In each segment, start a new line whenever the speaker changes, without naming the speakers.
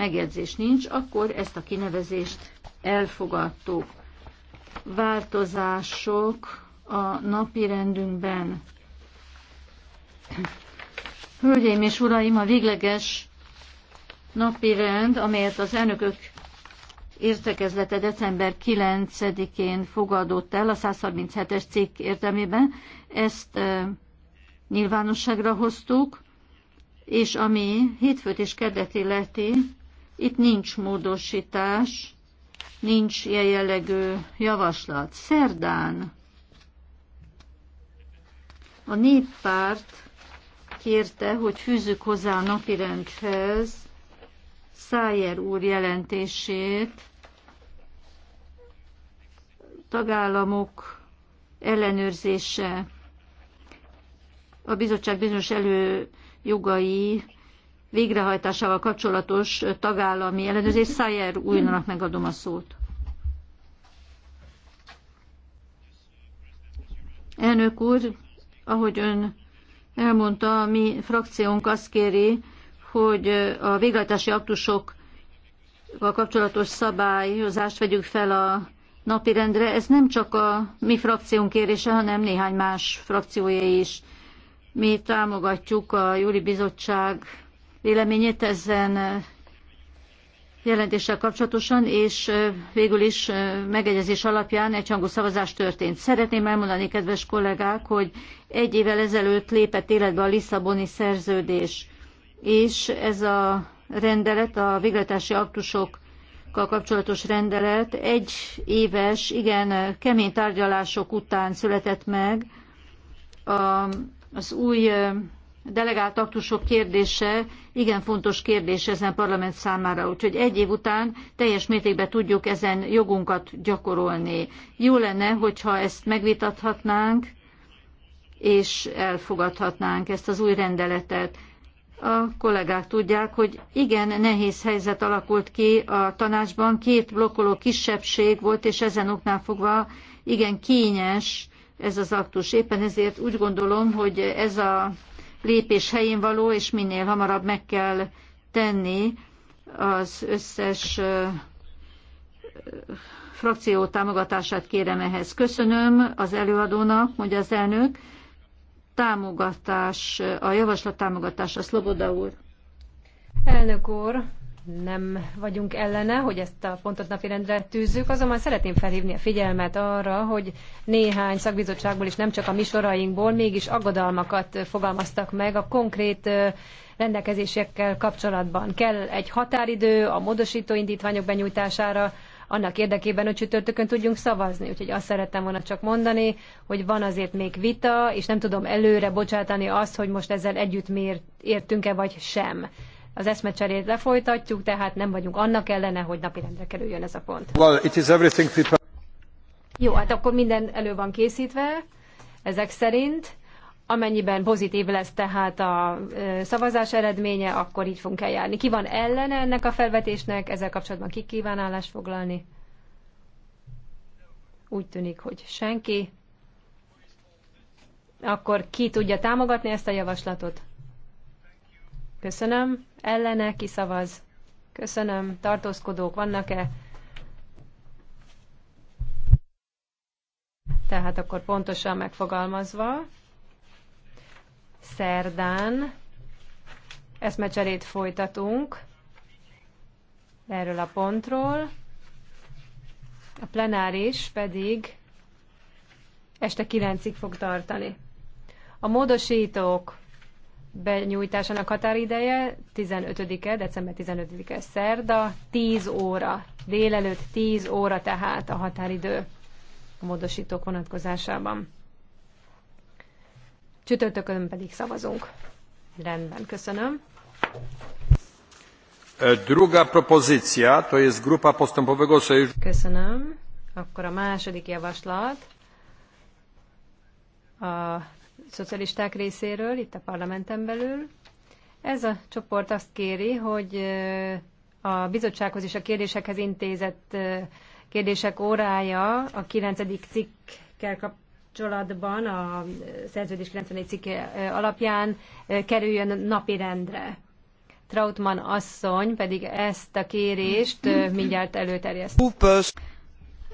megjegyzés nincs, akkor ezt a kinevezést elfogadtuk. Változások a napi rendünkben. Hölgyeim és uraim, a végleges napi rend, amelyet az elnökök értekezlete december 9-én fogadott el a 137-es cikk értelmében, ezt e, nyilvánosságra hoztuk, és ami hétfőt és keddet illeti, itt nincs módosítás, nincs ilyen jellegű javaslat. Szerdán a néppárt kérte, hogy fűzzük hozzá a napirendhez Szájer úr jelentését, tagállamok ellenőrzése, a bizottság bizonyos előjogai végrehajtásával kapcsolatos tagállami ellenőrzés. Szájer újnak megadom a szót. Elnök úr, ahogy ön elmondta, mi frakciónk azt kéri, hogy a végrehajtási aktusok a kapcsolatos szabályozást vegyük fel a napirendre. Ez nem csak a mi frakciónk kérése, hanem néhány más frakciója is. Mi támogatjuk a júli Bizottság véleményét ezen jelentéssel kapcsolatosan, és végül is megegyezés alapján egy hangú szavazás történt. Szeretném elmondani, kedves kollégák, hogy egy évvel ezelőtt lépett életbe a Lisszaboni szerződés, és ez a rendelet, a végletási aktusokkal kapcsolatos rendelet egy éves, igen, kemény tárgyalások után született meg az új delegált aktusok kérdése igen fontos kérdés ezen parlament számára, úgyhogy egy év után teljes mértékben tudjuk ezen jogunkat gyakorolni. Jó lenne, hogyha ezt megvitathatnánk, és elfogadhatnánk ezt az új rendeletet. A kollégák tudják, hogy igen, nehéz helyzet alakult ki a tanácsban, két blokkoló kisebbség volt, és ezen oknál fogva igen kényes ez az aktus. Éppen ezért úgy gondolom, hogy ez a lépés helyén való, és minél hamarabb meg kell tenni az összes frakció támogatását kérem ehhez. Köszönöm az előadónak, mondja az elnök. Támogatás, a javaslat támogatása, Szloboda úr.
Elnök úr, nem vagyunk ellene, hogy ezt a pontot napirendre tűzzük, azonban szeretném felhívni a figyelmet arra, hogy néhány szakbizottságból és nem csak a mi sorainkból mégis aggodalmakat fogalmaztak meg a konkrét rendelkezésekkel kapcsolatban. Kell egy határidő a módosító indítványok benyújtására, annak érdekében, hogy csütörtökön tudjunk szavazni. Úgyhogy azt szerettem volna csak mondani, hogy van azért még vita, és nem tudom előre bocsátani azt, hogy most ezzel együtt miért értünk-e vagy sem az eszmecserét lefolytatjuk, tehát nem vagyunk annak ellene, hogy napirendre kerüljön ez a pont. Well, it is everything prepared. Jó, hát akkor minden elő van készítve, ezek szerint. Amennyiben pozitív lesz tehát a szavazás eredménye, akkor így fogunk eljárni. Ki van ellene ennek a felvetésnek? Ezzel kapcsolatban ki kíván állást foglalni? Úgy tűnik, hogy senki. Akkor ki tudja támogatni ezt a javaslatot? Köszönöm. Ellene kiszavaz. Köszönöm. Tartózkodók vannak-e? Tehát akkor pontosan megfogalmazva, szerdán eszmecserét folytatunk erről a pontról, a plenáris pedig este 9-ig fog tartani. A módosítók benyújtásának határideje 15-e, december 15-e szerda, 10 óra, délelőtt 10 óra tehát a határidő a módosítók vonatkozásában. Csütörtökön pedig szavazunk. Rendben, köszönöm. E, druga propozícia, to jest grupa postępowego sojuszu. Köszönöm. Akkor a második javaslat a szocialisták részéről, itt a parlamenten belül. Ez a csoport azt kéri, hogy a bizottsághoz és a kérdésekhez intézett kérdések órája a 9. cikkkel kapcsolatban, a szerződés 94 cikk alapján kerüljön napirendre. Trautmann asszony pedig ezt a kérést mindjárt előterjeszt.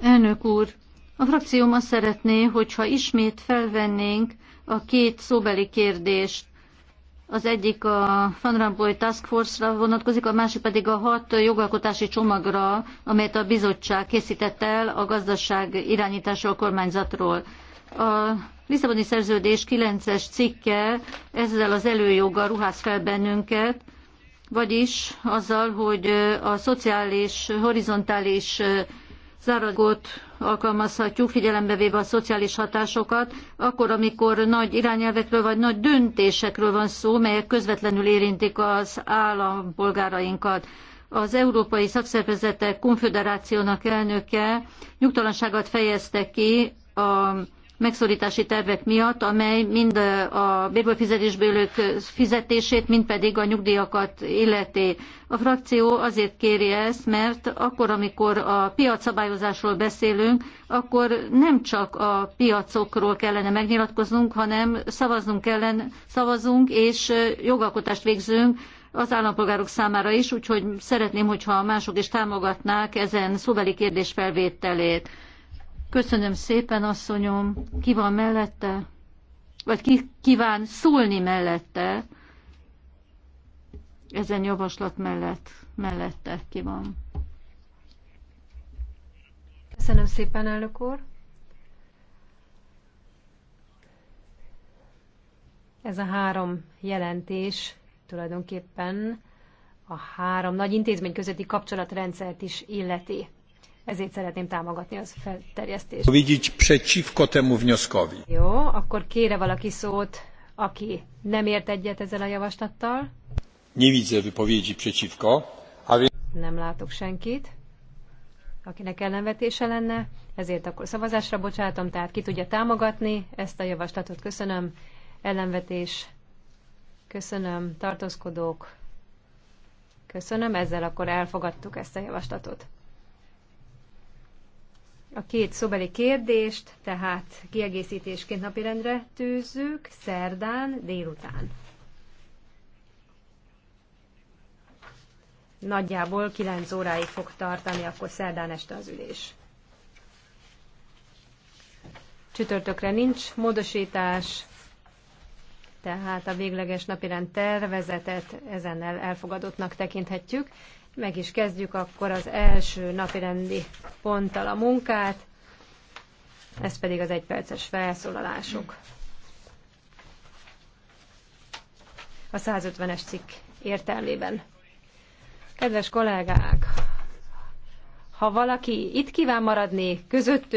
Elnök úr, a frakcióm azt szeretné, hogyha ismét felvennénk a két szóbeli kérdést. Az egyik a Van Rompuy Task Force-ra vonatkozik, a másik pedig a hat jogalkotási csomagra, amelyet a bizottság készített el a gazdaság irányításról, a kormányzatról. A Lisszaboni szerződés 9-es cikke ezzel az előjoga ruház fel bennünket, vagyis azzal, hogy a szociális, horizontális záradékot alkalmazhatjuk, figyelembe véve a szociális hatásokat, akkor, amikor nagy irányelvekről vagy nagy döntésekről van szó, melyek közvetlenül érintik az állampolgárainkat. Az Európai Szakszervezetek Konföderációnak elnöke nyugtalanságot fejezte ki a megszorítási tervek miatt, amely mind a bérből fizetését, mind pedig a nyugdíjakat illeti. A frakció azért kéri ezt, mert akkor, amikor a piacszabályozásról beszélünk, akkor nem csak a piacokról kellene megnyilatkoznunk, hanem szavaznunk kellene, szavazunk és jogalkotást végzünk az állampolgárok számára is, úgyhogy szeretném, hogyha mások is támogatnák ezen szóbeli kérdés felvételét. Köszönöm szépen, asszonyom. Ki van mellette? Vagy ki kíván szólni mellette? Ezen javaslat mellett, mellette ki van.
Köszönöm szépen, elnök úr. Ez a három jelentés tulajdonképpen a három nagy intézmény közötti kapcsolatrendszert is illeti ezért szeretném támogatni az felterjesztést. Widzieć przeciwko temu wnioskowi. Jó, akkor kére valaki szót, aki nem ért egyet ezzel a javaslattal. Nie widzę wypowiedzi przeciwko. A więc... Nem látok senkit, akinek ellenvetése lenne, ezért akkor szavazásra bocsátom, tehát ki tudja támogatni ezt a javaslatot. Köszönöm. Ellenvetés. Köszönöm. Tartózkodók. Köszönöm. Ezzel akkor elfogadtuk ezt a javaslatot. A két szobeli kérdést tehát kiegészítésként napirendre tűzzük szerdán délután. Nagyjából 9 óráig fog tartani, akkor szerdán este az ülés. Csütörtökre nincs módosítás, tehát a végleges napirend tervezetet ezennel elfogadottnak tekinthetjük. Meg is kezdjük akkor az első napirendi ponttal a munkát, ez pedig az egyperces felszólalások. A 150-es cikk értelmében. Kedves kollégák, ha valaki itt kíván maradni közöttünk,